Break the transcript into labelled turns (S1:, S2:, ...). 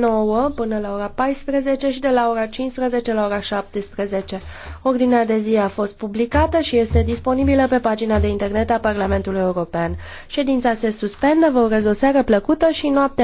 S1: 9 până la ora 14 și de la ora 15 la ora 17. Ordinea de zi a fost publicată și este disponibilă pe pagina de internet a Parlamentului European. Ședința se suspendă, vă urez o seară plăcută și noapte